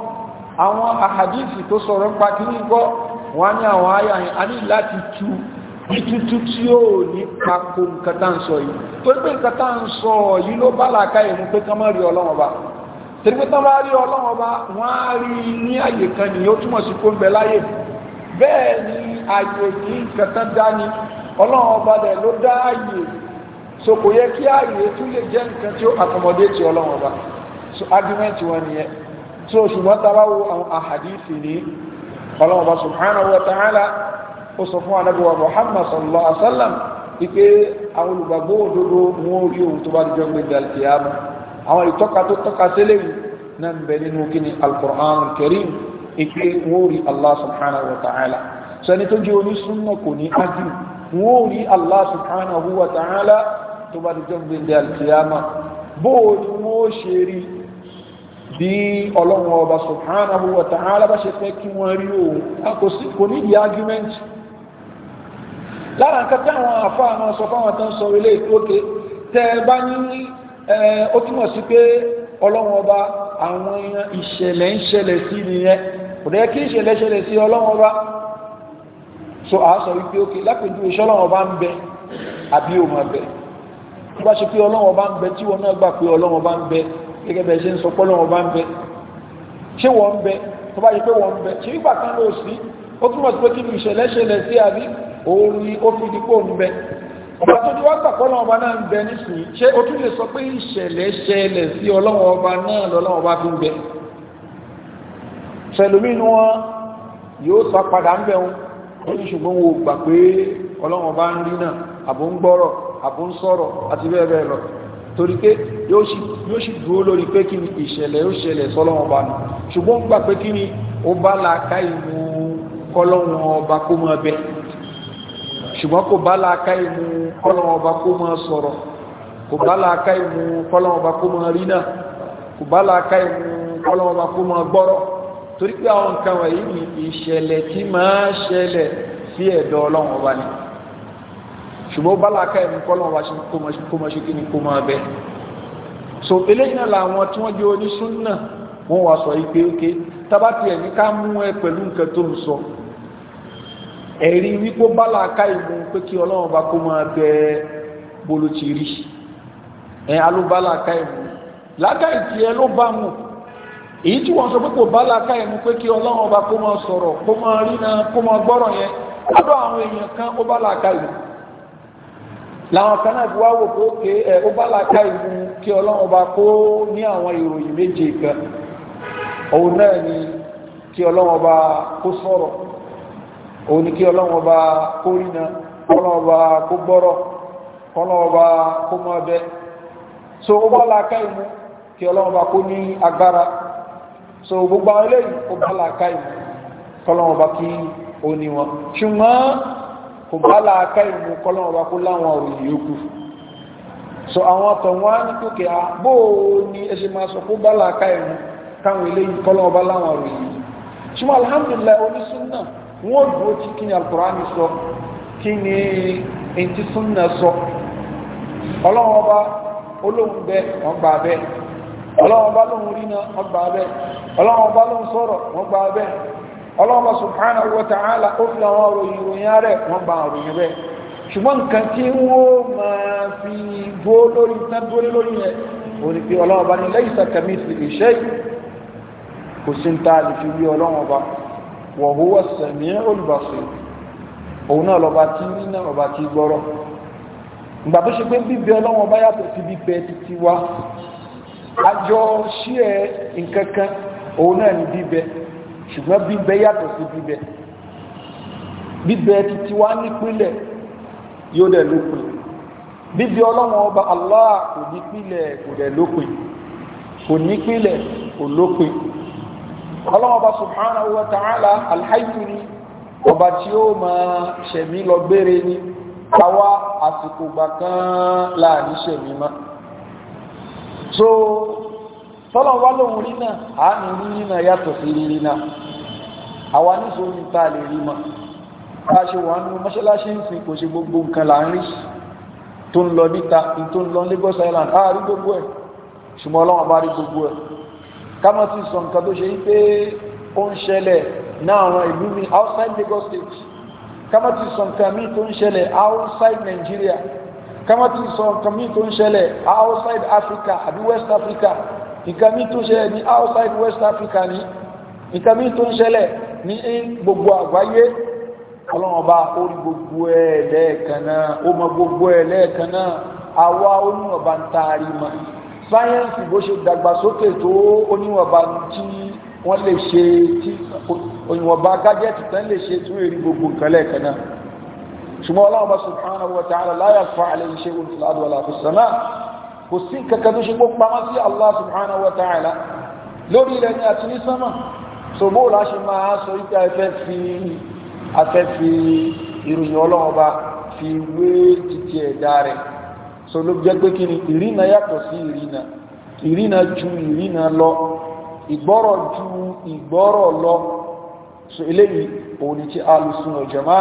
àwọn àhàdíìsì tó sọ̀rọ̀ ń pa kí ní gbọ́ wọ́n ní àwọn ayà yìí a ní láti tú títútú tí ó ní pàkó nǹkan tá ń sọ yìí tó pé nǹkan ń sọ yìí ló bá làákà ìmú pé kán má rí ọlọ́wọ́n bá rí ọlọ́wọ́n wọ́n á rí ní àyè kan ní ó túmọ̀ sí ni àyè kí nǹkan tán dá ní ọlọ́wọ́n bá dẹ̀ ló dá so kò yẹ kí àyè tún lè jẹ́ so argument wọn nìyẹn so ṣùgbọ́n tàbá wo àwọn àhàdìsì ní ọlọ́run bá subhanahu wa ta'ala ó sọ fún anábíwá muhammad sallallahu alaihi wa sallam wípé àwọn olùgbàgbọ́ òdodo wọn ò rí ohun tó bá dijọ́ gbé dalkiyama àwọn ìtọ́ka tó tọ́ka sílẹ̀ yìí náà ń bẹ nínú kíni alqur'an karim ìpè wọn ò rí allah subhanahu wa ta'ala sani tó jẹ́ onísúnnà kò ní ájú wọn ò rí allah subhanahu wa ta'ala tó bá dijọ́ gbé dalkiyama bóò ni wọn ò ṣe rí bí ọlọ́run ọba subhanahu wa ta'ala bá ṣe fẹ́ kí wọ́n rí òun kò ní ìdí argument lára nǹkan tí àwọn àfa àwọn sọ fáwọn tó ń sọ ilé ìkókè tẹ ẹ bá ní ó túmọ̀ sí pé ọlọ́run ọba àwọn ìṣẹ̀lẹ̀ ń ṣẹlẹ̀ sí nìyẹn kò dẹ́ kí ìṣẹ̀lẹ̀ ṣẹlẹ̀ sí ọlọ́run ọba so a sọ wípé ókè lápèjú ìṣọ́lọ́run ọba ń bẹ àbí òun ọbẹ̀ tó bá ṣe pé ọlọ́run ọba ń bẹ tí wọn náà gbà pé ọlọ́run ọba ń bẹ gẹ́gẹ́ bẹ́ẹ̀ ṣe ń sọ pọ́lọ́ wọn bá ń bẹ ṣé wọ́n ń bẹ tó bá yẹ pé wọ́n ń bẹ ṣé nígbà kan ló sí ó túmọ̀ sí pé kí ni ìṣẹ̀lẹ̀ ṣẹlẹ̀ sí àbí òun ni ó fi di pé òun bẹ ọba tó ti wá gbà pọ́lọ́ wọn bá náà ń bẹ nísìnyí ṣé ó tún lè sọ pé ìṣẹ̀lẹ̀ ṣẹlẹ̀ sí ọlọ́wọ́n ọba náà lọ́lọ́wọ́n ọba fi ń bẹ yóò sì dúró lórí pé kí ni ìṣẹ̀lẹ̀ yóò ṣẹlẹ̀ sọ́lọ́wọ́n ọba nù ṣùgbọ́n gbà pé kí ni ó bá la ká ìmú kọ́lọ́wọ́n ọba kó mọ ọbẹ̀ ṣùgbọ́n kò bá la ká ìmú kọ́lọ́wọ́n ọba kó mọ sọ̀rọ̀ kò bá la ká ìmú kọ́lọ́wọ́n ọba kó mọ rí náà kò bá la ká ìmú kọ́lọ́wọ́n ọba kó mọ gbọ́rọ̀ torí pé àwọn nǹkan wọ̀nyí ni ìṣẹ̀lẹ̀ tí máa ṣẹlẹ̀ sí ẹ̀dọ̀ ọlọ́wọ́n ọba ni ṣùgbọ́n bá la ká ìmú kọ́lọ́wọ́n ọba kó mọ ṣe kí ni kó mọ ọbẹ̀ so eléyìí náà làwọn tí wọ́n jẹ́ onísúnnà wọ́n wá sọ ipe oke tábàtì ẹ̀ ní ká mú ẹ pẹ̀lú nǹkan tó ń sọ ẹ̀rí wípó bálà ká ìmú pé kí ọlọ́run bá kó máa bẹ bolo ti rí ẹ̀ alóbálà ká ìmú lágá ìtì ẹ ló bá mú èyí tí wọ́n sọ pé kò bálà ká ìmú pé kí ọlọ́run bá kó máa sọ̀rọ̀ kó máa rí náà kó máa gbọ́rọ̀ yẹn lọ́dọ̀ àwọn èèyàn kan ó bálà ká ìmú làwọn kan náà fi wá wò pé ó bálà ká ìmú kí ọlọ́run bá kó ní àwọn ìròyìn méje kan òun náà ni kí ọlọ́run bá kó sọ̀rọ̀ òun ni kí ọlọ́run bá kó rìnà ọlọ́run bá kó gbọ́rọ̀ ọlọ́run bá kó mọ́ ọbẹ̀ so ó bá làákà ìmú kí ọlọ́run bá kó ní agbára so gbogbo àwọn eléyìí ó bá làákà ìmú kọlọ́run bá kí ó ní wọn so àwọn ọ̀tọ̀ wọn á ní kókè á bó o ní ẹ ṣe máa sọ fún bálá aká ẹ̀mú káwọn eléyìí kọ́lọ́ ọba láwọn ọ̀rọ̀ yìí ṣùgbọ́n alhamdulillah onísúnnà wọ́n dúró tí kí ni alukurani sọ kí ni ẹ̀ǹtí súnnà sọ ọlọ́wọ́n ọba olóhùn bẹ wọ́n gbà bẹ́ ọlọ́wọ́n ọba lóhùn rí wọ́n gbà bẹ́ ọlọ́wọ́n ọba lóhùn sọ̀rọ̀ wọ́n gbà bẹ́ ọlọ́wọ́n ọba ṣùgbọ́n nǹkan tí wọ́n máa fi bó lórí tán dúró lórí yẹn òní pé ọlọ́run ọba ní lẹ́yìn sàkàmì sí iṣẹ́ kò sí ń ta lè fi wí ọlọ́run ọba wọ̀hó ẹ̀sẹ̀mí olùbàṣẹ òun náà lọ́ba tí ní náà lọ́ba tí gbọ́rọ̀ ìgbà tó ṣe pé bíbẹ ọlọ́run ọba yàtọ̀ sí bíbẹ títí wá àjọ ṣí ẹ nǹkan òun náà ní bíbẹ ṣùgbọ́n bíbẹ yàtọ̀ sí bíbẹ bíbẹ títí wá nípínlẹ̀ yóò dẹ̀ lópin bíbi ọlọ́run ọba Allah kò ní pílẹ̀ kò dẹ̀ lópin kò ní pílẹ̀ kò lópin ọlọ́run ọba subhanahu wa ta'ala alhaifu ọba tí ó máa ṣẹ̀mí lọ gbére ni àwa àsìkò gbà kan láàrin ṣẹ̀mí mọ́ so tọ́lọ̀ wá lóhun rí náà àánú rí náà yàtọ̀ sí rírí náà àwa níṣòro ní ta lè rí mọ́ bá ṣe wà nínú mọ́ṣáláṣí ń sìn kò ṣe gbogbo nǹkan là ń rí tó ń lọ níta tó ń lọ Lagos Island á rí gbogbo ẹ̀ ṣùgbọ́n ọlọ́run bá rí gbogbo ẹ̀ ká má ti sọ nǹkan tó ṣe yí pé ó ń ṣẹlẹ̀ náà ìlú mi outside Lagos state ká má ti sọ nǹkan míì tó ń ṣẹlẹ̀ outside Nigeria ká má ti sọ nǹkan míì tó ń ṣẹlẹ̀ outside Africa àbí West Africa nǹkan míì tó ń ṣẹlẹ̀ ní outside West Africa ní nǹkan míì tó ń ṣẹlẹ̀ ní gbogbo àgbáyé ọlọ́run bá ó rí gbogbo ẹ̀ lẹ́ẹ̀kan náà ó mọ gbogbo ẹ̀ lẹ́ẹ̀kan náà àwa oníwọ̀nba ń taari mọ́ sáyẹ́ǹsì bó ṣe dàgbàsókè tó oníwọ̀nba tí wọ́n lè ṣe tí oníwọ̀nba gájẹ́tì tán lè ṣe tún èrè gbogbo nǹkan lẹ́ẹ̀kan náà ṣùgbọ́n ọlọ́run bá subhanahu wa ta'ala la yakhfa alayhi shay'un fil ardi wala fis samaa kò sí kankan tó ṣe Allah subhanahu wa ta'ala lórí ilẹ̀ ni àti ní sánmà ṣògbó làá ṣe máa sọ ìgbà ẹ̀fẹ́ fi afẹ́ fi ìròyìn ọlọ́ọba fi wé títí ẹ̀dá rẹ̀ so ló jẹ́ pé kí ni ìrìnà yàtọ̀ sí ìrìnà ìrìnà ju ìrìnà lọ ìgbọ́rọ̀ ju ìgbọ́rọ̀ lọ so eléyìí òun ni tí alùsùn ọ̀jọ̀má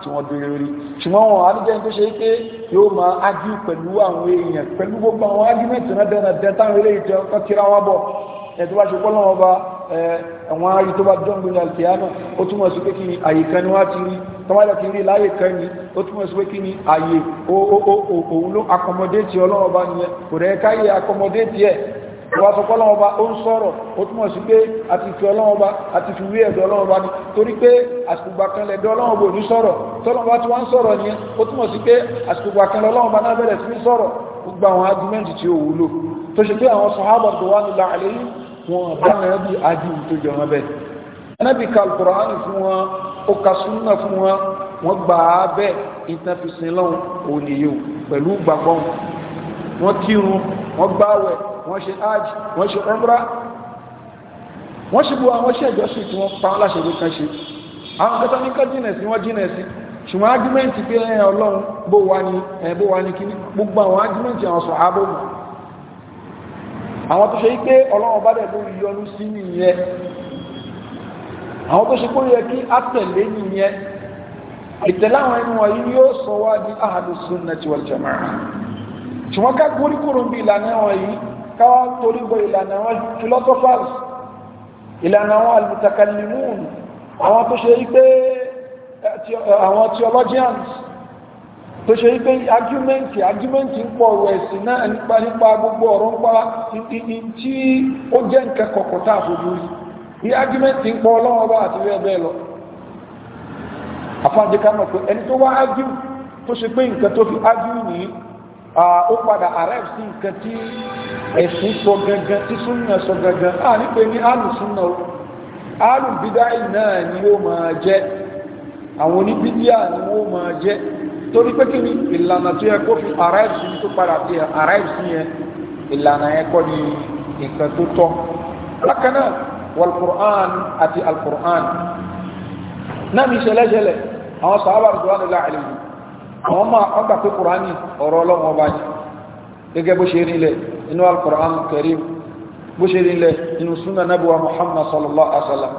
tí wọ́n bèèrè rí ṣùgbọ́n wọn àdúgbẹ́ tó ṣe pé yóò máa ájú pẹ̀lú àwọn èèyàn pẹ̀lú gbogbo àwọn ágímẹ̀tì náà dẹ́nà dẹ́ntàwọn eléyìí tẹ́ ọkọ̀ kíra wọn bọ̀ ẹ̀tọ́ wá bá àwọn arí tó bá dọ́gbìn ní alkiyama ó túnmọ̀ sí pé kí ni àyè kan ni wá ti rí tọ́wọ́dà ti rí láyè kan ni ó túnmọ̀ sí pé kí ni àyè òun ló akọmọdétì ọlọ́wọ́ bá nìyẹn kò rẹ̀ káyè akọmọdétì ẹ̀ wọ́n sọ pọ́lọ́wọ́ bá ó ń sọ̀rọ̀ ó túnmọ̀ sí pé àti fi ọlọ́wọ́ bá àti fi wí ẹ̀dọ̀ ọlọ́wọ́ wọn bá wọn bí adìyẹ tó jọ wọn bẹ anabi ka alukur'an fún wọn ó ka sunna fún wọn wọn gbà á bẹ ìtàfisin lọ́wọ́ òníyó pẹ̀lú gbàgbọ́ wọn kírun wọn gbààwẹ̀ wọn ṣe hajj wọn ṣe umrah wọn ṣe bu àwọn ṣe ìjọsìn tí wọn pa aláṣẹ ló kan ṣe àwọn kẹta ní ká jìnà sí wọn jìnà sí ṣùgbọ́n ágímẹ́ǹtì pé ẹ ọlọ́run bó wà ní kíní gbogbo àwọn ágímẹ́ǹtì àwọn sọ̀hábọ̀mù àwọn tó ṣe yí pé ọlọ́run bá dẹ̀ ló yọnu sí nìyẹn àwọn tó ṣe kó yẹ kí á tẹ̀lé nìyẹn ìtẹ̀lé àwọn ẹni wọ̀nyí yóò sọ wá di ahlu sunnati wal jama'a ṣùgbọ́n ká gbórí bí ìlànà wọ̀nyí káwá torí bọ ìlànà wọn philosophers ìlànà wọn al àwọn tó ṣe yí eh, eh, àwọn theologians tó ṣe wípé argumenti argumenti ń pọ̀ ọ̀rọ̀ ẹ̀sìn náà nípa nípa gbogbo ọ̀rọ̀ ń pa tí ó jẹ́ nǹkan kọ̀kọ̀ tá àfojú rí bí argumenti ń pọ̀ ọlọ́wọ́ bá àti bẹ́ẹ̀ bẹ́ẹ̀ lọ àfáàdéká mọ̀ pé ẹni tó wá argue tó ṣe pé nǹkan tó fi argue ní ó padà arrive sí nǹkan tí ẹ̀sìn sọ gangan tí súnà sọ gangan á ní pé ní àlù súnà o àlù bídáì náà ni ó máa jẹ́ àwọn oníbídíà ni ó máa jẹ́ torí pé kí ni ìlànà tó yẹ kó fi arrive sí tó padà fi arrive sí yẹn ìlànà yẹn kọ́ ni nǹkan tó tọ́ bákan náà wàlùkùrán àti alùkùrán náà mi ṣẹlẹ́ṣẹlẹ̀ àwọn sàábà rẹ̀ wà nílá àlejò àwọn máa ọgbà pé kùránì ọ̀rọ̀ ọlọ́run ọba yìí gẹ́gẹ́ bó ṣe rinlẹ̀ inú alùkùrán karim bó ṣe rinlẹ̀ inú súnà nábùwà muhammad sallallahu alaihi wasallam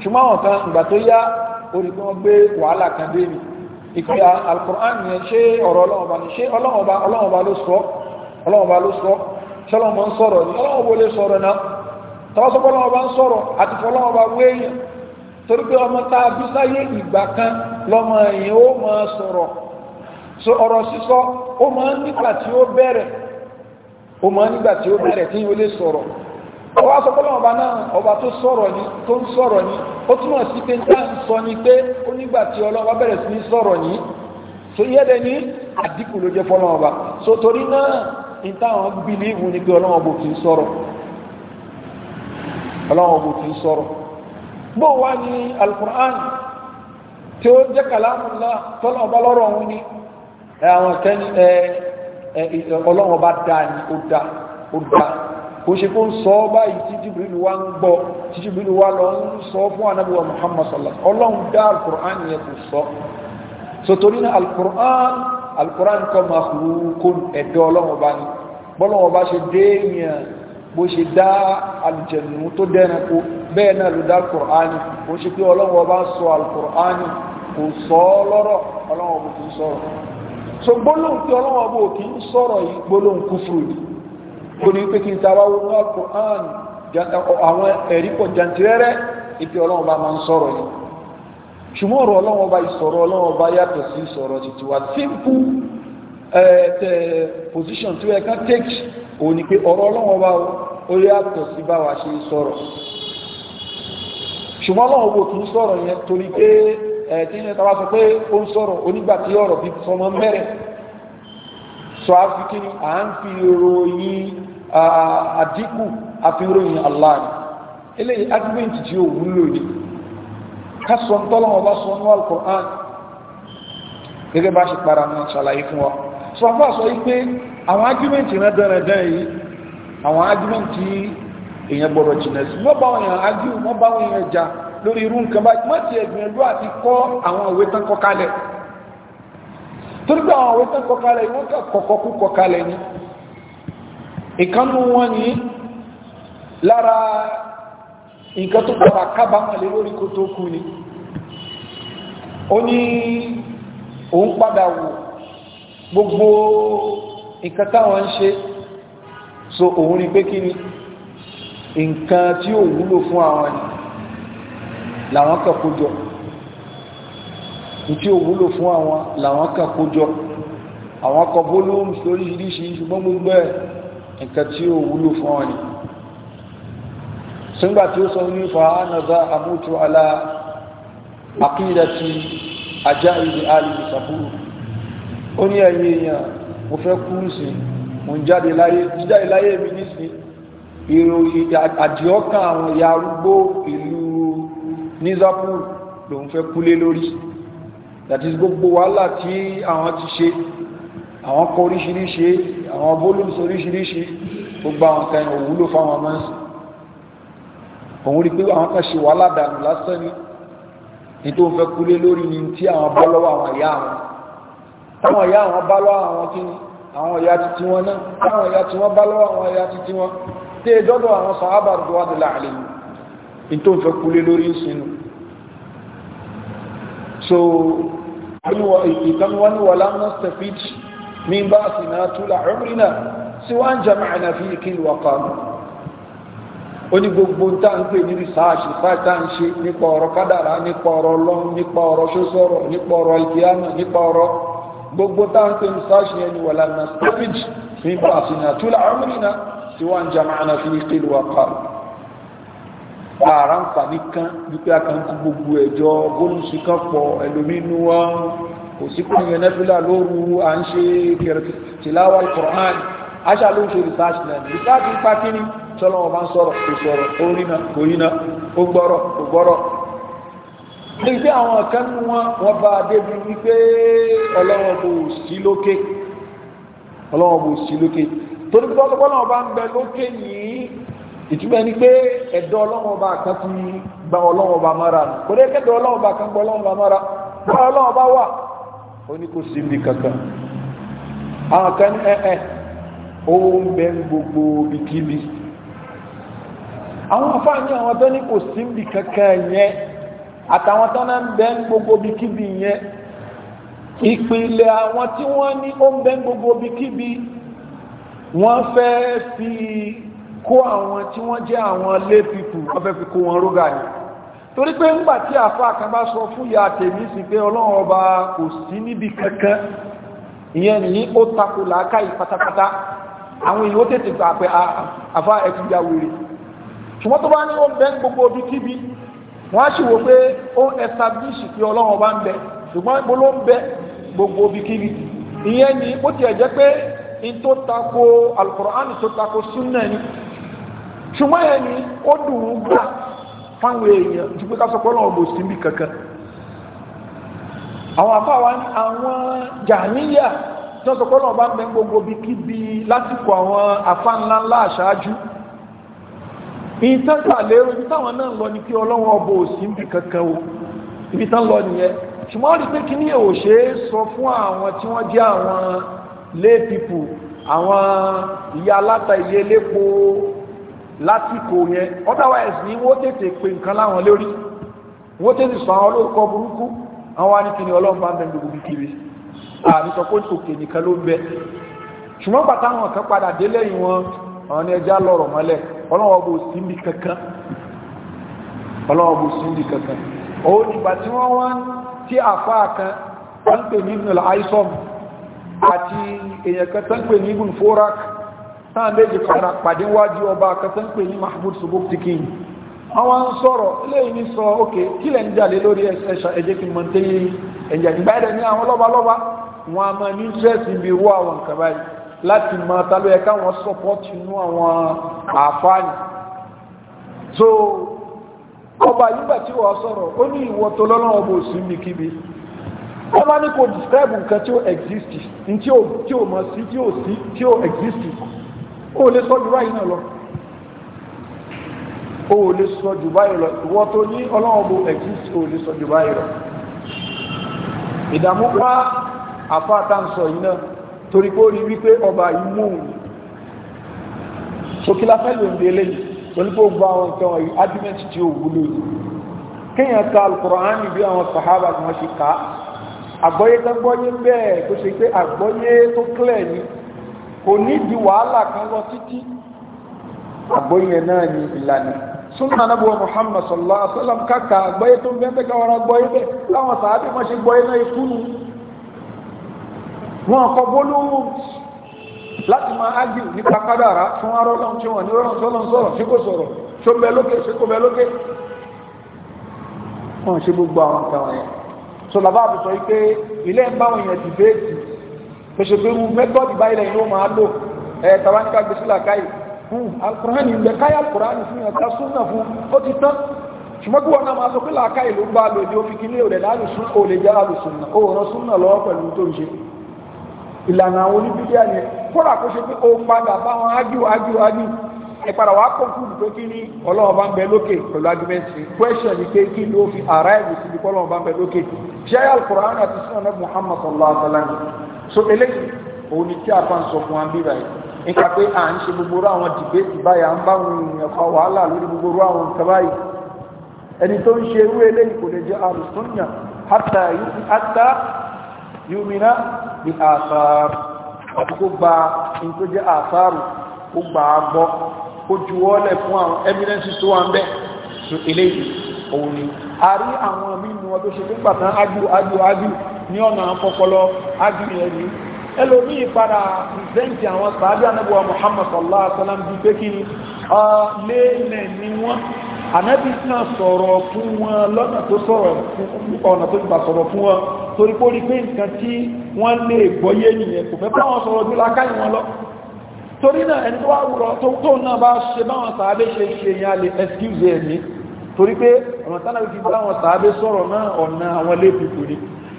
ṣùgbọ́n àwọn kan ìgbà tó yá orí kan gbé wàhálà kan dé mi ìpè alukur'an yẹn ṣé ọ̀rọ̀ ọlọ́ọ̀ba ni ṣé ọlọ́ọ̀ba ọlọ́ọ̀ba ló sọ ọlọ́ọ̀ba ló sọ ṣé ọlọ́ọ̀ba ń sọ̀rọ̀ ni ọlọ́ọ̀ba lè sọ̀rọ̀ náà tọ́wọ́sọ́pọ̀ ọlọ́ọ̀ba ń sọ̀rọ̀ àti fọlọ́ọ̀ba wéèyàn torí pé ọmọ tá a bí sáyé ìgbà kan lọ́mọ èèyàn ó máa sọ̀rọ̀ so ọ̀rọ̀ sísọ ó máa nígbà tí ó bẹ̀rẹ̀ ó máa nígbà tí ó bẹ̀rẹ̀ tí ó lè sọ̀rọ̀ ọwọ́ asọ́kọ́lọ́ ọba náà ọba tó sọ̀rọ̀ ni tó ń sọ̀rọ̀ ni ó túmọ̀ sí pé tá à ń sọ ni pé ó nígbà tí ọlọ́wọ́ bẹ̀rẹ̀ sí ní sọ̀rọ̀ ni so yẹ́dẹ̀ ní àdínkù ló jẹ́ fọ́lọ́ ọba so torí náà ní táwọn bìlíìfù ni pé ọlọ́wọ́ bò kì í sọ̀rọ̀ ọlọ́wọ́ bò kì í sọ̀rọ̀ bó wá ní alukur'an tí ó jẹ́ kàlámùlá tọ́lọ́ ọba lọ́rọ̀ òun ni àwọn kẹ́ni ọlọ́wọ́ bá dáa ni ó dáa ó dáa kò ṣe kó ń sọ ọ́ báyìí tí jibril wa ń gbọ́ tí jibril wa lọ ń sọ fún anabi muhammad sallallahu alaihi wasallam. sallam ọlọ́run dá alukur'an yẹn kò sọ sotori na alukur'an alukur'an kọ́ máa kú kó ẹ̀dọ́ ọlọ́run ọba ni bọ́lọ́run ọba ṣe dé yẹn bó ṣe dá alùjẹ̀nù tó dẹ́nà kó bẹ́ẹ̀ náà ló dá alukur'an kò ṣe pé ọlọ́run ọba sọ alukur'an kò sọ lọ́rọ̀ ọlọ́run ọba kò sọ̀rọ̀ so gbólóhùn tí ọlọ́run ọba kò sọ̀rọ̀ yìí gbólóhùn kúfùrù yìí ó ní pé kí n tàbá wọnú Al-Qur'an àwọn ẹ̀rí pọ̀ jàǹtìrẹ́rẹ́ ìpè ọlọ́run bá máa ń sọ̀rọ̀ yìí ṣùgbọ́n ọ̀rọ̀ ọlọ́run bá ìsọ̀rọ̀ ọlọ́run bá yàtọ̀ sí ìsọ̀rọ̀ títí wa simple position tí ó yẹ ká take òun ni pé ọ̀rọ̀ ọlọ́run bá ó yàtọ̀ sí báwa ṣe sọ̀rọ̀ ṣùgbọ́n ọlọ́run àdínkù àfihàn Allah eléyìí argument tí ó wúlò ní ká sọ ń tọ́lọ́ ọba sọ ní al-Qur'an gẹ́gẹ́ bá ṣe para mọ́ ṣàlàyé fún wa sọ fún àṣọ yìí àwọn argument rẹ̀ dẹ̀rẹ̀dẹ̀ yìí àwọn argument èèyàn gbọ́dọ̀ jìnà sí mọ́ mọ́ lórí irú nǹkan mọ́ ti àti kọ́ àwọn òwe tán torí ìkánú wọn ni lára nǹkan tó padà kábàámọ̀ lé lórí kó tó kú ni ó ní òun padà wò gbogbo nǹkan táwọn ń ṣe so òun rí pé kí ni nǹkan tí ò wúlò fún àwọn ni làwọn kan kó jọ tí ò wúlò fún àwọn làwọn kan kó àwọn kan bólúùmù lóríṣiríṣi ṣùgbọ́n gbogbo ẹ̀ nǹkan tí ó wúlò fún wọn ni sígbà tí ó sọ ní fàánàzá àmútu alá àkídàtí ajá ìdí alìbì sàfúrù ó ní ẹ̀yẹ èèyàn mo fẹ́ kú sí mo ń jáde láyé jíjáde láyé mi nísìn ìròyìn àdìọ́kàn àwọn ìyá arúgbó ìlú nizapur lòun fẹ́ kúlé lórí that is gbogbo wàhálà tí àwọn ti ṣe àwọn kọ oríṣiríṣi àwọn volumes oríṣiríṣi gbogbo àwọn kan òwúlò fáwọn ọmọ ẹ̀sìn òun rí pé àwọn kan ṣe wàhálà dànù lásán ni ní tó ń fẹ́ kúlé lórí ni tí àwọn bọ́ lọ́wọ́ àwọn ìyá àwọn táwọn ìyá àwọn bá lọ́wọ́ àwọn kí ni àwọn ìyá títí wọn náà táwọn ìyá tí wọ́n bá lọ́wọ́ àwọn ìyá títí من باسنا طول عمرنا سواء جمعنا في كل وقام ó ní gbogbo ń tàn pé ní rìsáàṣì sáàtà ń ṣe nípa ọ̀rọ̀ kádàrá nípa ọ̀rọ̀ ọlọ́run nípa ọ̀rọ̀ ṣóṣọ́rọ̀ nípa ọ̀rọ̀ ìkìyàmù nípa ọ̀rọ̀ gbogbo tàn pé rìsáàṣì yẹn ni wà lánàá stoppage ní bàṣìnà túlà ọmọnìyàn tí wọ́n ń jama'ana fi ìpele wa pa ààrà ń fà ní kan wípé a kan kú gbogbo ẹ̀jọ́ bónúsì kan pọ̀ ẹlòmínú wọn kò sí kó yẹn nẹ́fílà lóru à ń ṣe tìláwà Al-Qur'an aṣá ló ń ṣe research náà research ń pa kíní tọ́lọ́ wọn bá ń sọ̀rọ̀ kò sọ̀rọ̀ ó rìnà kò rìnà ó gbọ́rọ̀ kò gbọ́rọ̀ ní pé àwọn kan ní wọn wọn bá débi wípé ọlọ́wọ́n bò sí lókè ọlọ́wọ́n bò sí lókè torí pé ọlọ́wọ́n ń bẹ lókè yìí ìtumọ̀ ni pé ẹ̀dọ́ ọlọ́wọ́n bá kan ti gba ọlọ́wọ́n bá mara kò dé kẹ́dọ̀ ọlọ́wọ́n bá kan gba ọlọ́wọ́n bá mara bá ọlọ́wọ́n bá wà ó ní kò síbi kankan àwọn kan ní ẹ̀ẹ́ owó ń bẹ gbogbo ibikíbi àwọn afáàní àwọn tó ní kò síbi kankan yẹn àtàwọn tó náà ń bẹ gbogbo ibikíbi yẹn ìpìlẹ̀ àwọn tí wọ́n ní ó ń bẹ gbogbo ibikíbi wọ́n fẹ́ fi kó àwọn tí wọ́n jẹ́ àwọn lay people wọ́n fẹ́ fi kó wọn rógà ni torí pé ńgbà tí àfá kan bá sọ fún ya tèmi sí pé ọlọ́run ọba kò sí níbi kankan ìyẹn ní ó takò làákàyè pátápátá àwọn èèyàn ó tètè gbà pé ah, àfá ẹ̀tún ya wèrè ṣùgbọ́n tó bá ní ó ń bẹ gbogbo ojú kíbi wọ́n á sì wò pé ó establish pé ọlọ́run ọba ń bẹ ṣùgbọ́n ló ń bẹ gbogbo ojú kíbi ìyẹn ní ó tiẹ̀ jẹ́ pé in tó takò Al-Qur'an tó takò súnà ni ṣùgbọ́n ẹni ó dùn ún gbà fáwọn èèyàn ju pé kásọpọ̀ ọlọ́run bò síbi kankan àwọn àbá wa ní àwọn jàníyà tí wọ́n sọpọ̀ ọlọ́run bá ń bẹ gbogbo bí kíbi lásìkò àwọn àfá ńlá ńlá àṣáájú ìtẹ́ta lérò ibi táwọn náà lọ ní kí ọlọ́run ọbọ̀ síbi kankan o ibi tán lọ àwọn people àwọn ìyá aláta ìyẹlépo lásìkò yẹn otherwise ni wọ́n tètè pè nǹkan láwọn lórí wọ́n tètè sọ àwọn olóòkọ́ burúkú àwọn anìkìní ọlọ́mbà ń bẹ gbogbo kiri àmì sọ pé òkè nìkan ló bẹ ṣùgbọ́n bàtà àwọn kan padà dé lẹ́yìn àwọn ẹja mọ́lẹ̀ ọlọ́wọ́ bó sí kankan òun ìgbà tí wọ́n wá tí àfá kan wọ́n pè ní ìbùnà àìsàn àti èèyàn táà méjì padà pàdé wájú ọba akẹ́sẹ́ńpé ní mahmoud subukti king àwọn ń sọ̀rọ̀ eléyìí ní sọ ókè kílẹ̀ ń jalè lórí ẹ̀ṣẹ̀ ẹ̀jẹ̀ kí mọ̀ tẹ́yìn ẹ̀jẹ̀ nígbà ní àwọn lọ́balọ́ba wọn a máa ní interest ibi irú àwọn nǹkan báyìí láti mọ tàbí ẹ̀ káwọn support inú àwọn àfáàní so ọba yígbà tí wọ́n sọ̀rọ̀ ó ní ìwọ tó lọ́nà ọba describe nǹkan tí exist tí ó mọ̀ sí tí ó exist ó lè sọ jù báyìí náà lọ ó lè sọ jù báyìí lọ ìwọ tó ní ọlọ́run bó exist ó lè sọ jù báyìí lọ ìdààmú pa àfáàtà ń sọ yìí náà torí pé ó rí wípé ọba yìí mú òun so kí la fẹ́ lò ń délé yìí torí pé ó gba àwọn nǹkan wọ̀nyí argument tí ó wúlò yìí kéèyàn ka alukur'ani bí àwọn sahaba ni wọ́n ṣe kà á àgbọ́yé tó gbọ́yé bẹ́ẹ̀ tó ṣe pé àgbọ́yé tó clear ni kò ní di wàhálà kan lọ títí àgbóyè náà ni ìlànà súnà náà bọ̀ Muhammad sallallahu alaihi wasallam kàkà àgbóyè tó ń bẹ́ẹ̀ bẹ́ẹ̀ káwọn àgbóyè bẹ́ẹ̀ láwọn sàábì máa ṣe gbóyè náà ikú nu wọn kọ bólúwù láti máa ágìl nípa kádàrá fún arọ́ lọ́n tí wọ́n ní rọ́n sọ́lọ́n sọ̀rọ̀ tí kò sọ̀rọ̀ tó bẹ lókè tí kò bẹ lókè wọn ṣe gbogbo àwọn kan wọn yẹn so làbá àbùsọ yìí pé ilé ń báwọn yẹn dìbéètì tó ṣe pé irú mẹ́tọ́ọ̀dì báyìí lẹ́yìn ló máa lò ẹ̀ tàbáníkà gbèsílà káyì hmm, alukurani ìgbẹ́ káyà alukurani fún yàn ká súnà fún ó ti tán ṣùgbọ́n kí wọn náà máa sọ pé làákàyè ló ń bá lò ní òfin kílé òlẹ̀ láàrín sún ó lè jẹ́ alùsùnà ó rán súnà lọ́wọ́ pẹ̀lú tó ń ṣe ìlànà àwọn oníbíbíà yẹn kódà kó ṣe pé ó padà báwọn ájú ájú ájú ìpadà wàá kó kúrò pé kí ni ọlọ́run bá ń bẹ lókè pẹ̀lú argumenti question ni pé kí ni ó fi arrive síbi kọ́lọ́run bá ń bẹ lókè ṣé alukurani àti sunan Muhammad sallallahu alaihi wa so eléyìí òun ni tí a fa ń sọ fún wa bí báyìí nípa pé à ń ṣe gbogbo àwọn dìbéètì báyìí à ń bá àwọn èèyàn fa wàhálà lórí gbogbo àwọn nǹkan báyìí ẹni tó ń ṣe irú eléyìí kò lè jẹ àrùsọ́nà hátà yúmínà bí àṣàrù àti kó gba in tó jẹ àṣàrù kó gbà á gbọ́ kó juwọ́lẹ̀ fún àwọn evidence tó wà ń bẹ so eléyìí òun ni a rí àwọn mímu ọdún ṣe pé pàtàkì ájú ájú ájú ní ọ̀nà àpọ̀pọ̀lọ agbìyànjú ẹlòmí ìpadà ìzẹ́ǹtì àwọn sàájú anábọ̀ Muhammad sallallahu alaihi wasallam bí pé kí lẹ́ẹ̀lẹ̀ ni wọ́n anábì náà sọ̀rọ̀ fún wọn lọ́nà tó sọ̀rọ̀ ọ̀nà tó gbà sọ̀rọ̀ fún wọn torí pé pé nǹkan tí wọ́n lè gbọ́yé nìyẹn kò fẹ́ pé àwọn sọ̀rọ̀ bí lákàyè wọn lọ torí náà ẹni tó excuse ẹ̀ ní torí pé ọ̀nà tánà fi báwọn sàábé sọ̀rọ̀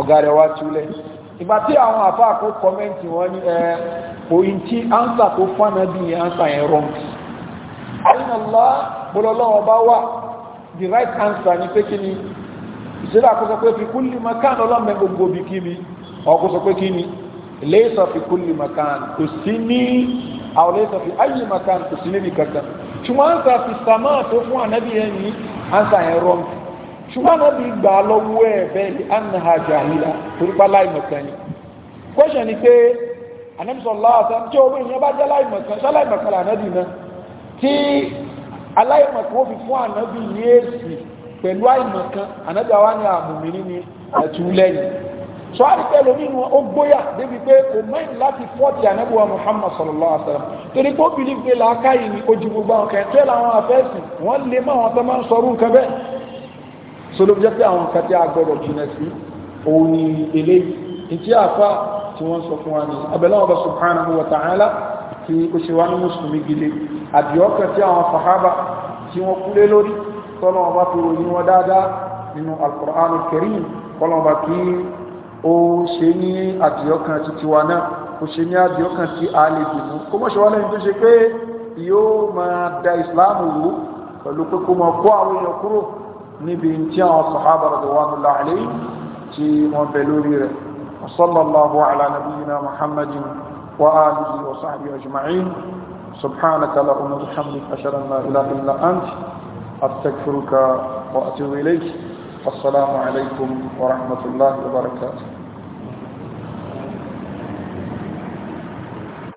ọ̀gá rẹ̀ wá túlẹ̀ ìgbà tí àwọn àfáà kó kọ́mẹ́ǹtì wọn ní ẹ òyìn tí ánsà tó fánà bí i ánsà yẹn rọ́n àyínàlá bọ́lọ́lọ́wọ́ bá wà the right answer ni pé kí ni ìṣẹ́lẹ̀ àkóso pé fi kúlì makán ọlọ́mẹ́ gbogbo bí kí ni ọkóso pé kí ni lẹ́sà fi kúlì makán kò sí ní àwọn lẹ́sà fi ayé makán kò sí níbi kankan ṣùgbọ́n ánsà fi sàmà tó fún ànábìyẹn ní ánsà yẹn rọ́n ṣùgbọ́n náà bí gbà lọ́wọ́ ẹ̀ bẹ́ẹ̀ ni annaha jahila torípa láìmọ̀kan ni question ni pé anamsọ̀lá àtàn tí owó ìyẹn bá jẹ́ láìmọ̀kan ṣá láìmọ̀kan lànàbì náà tí aláìmọ̀kan ó fi fún ànàbì ní èsì pẹ̀lú àìmọ̀kan ànàbì àwa ni àmùmíní ni ẹ̀túlẹ́yìn sọ àdìpẹ́ lómi nu ó gbóyà débi pé kò mẹ́rin láti fọ́ọ̀tì ànàbì wa Muhammad sallallahu alaihi torí pé ó bìlí pé làákàyè ni ojú gbogbo àwọn kẹ̀kẹ́ làwọn afẹ́sìn wọ́n lè má wọn tó máa ń sọrú nǹkan bẹ́ẹ̀ so ló fi jẹ́ pé àwọn nǹkan tí a gbọ́dọ̀ jìnà sí òun ni eléyìí tí àfá tí wọ́n sọ fún wa ní abẹ́lẹ́wọ̀n bá subhanahu wa ta'ala tí ó ṣe wá ní mùsùlùmí gilé àdìọ́kàn tí àwọn sahaba tí wọ́n kúlé lórí tọ́nà pẹ̀lú kó máa kó àwọn èèyàn kúrò níbi tí àwọn sàhábà radiyallahu alayhi tí wọ́n bẹ̀ lórí rẹ̀ sallallahu ala nabiyyina muhammadin wa alihi wa sahbihi ajma'in subhanaka allahumma wa bihamdika ashhadu an la ilaha illa anta astaghfiruka wa atubu ilayk assalamu alaykum wa rahmatullahi wa barakatuh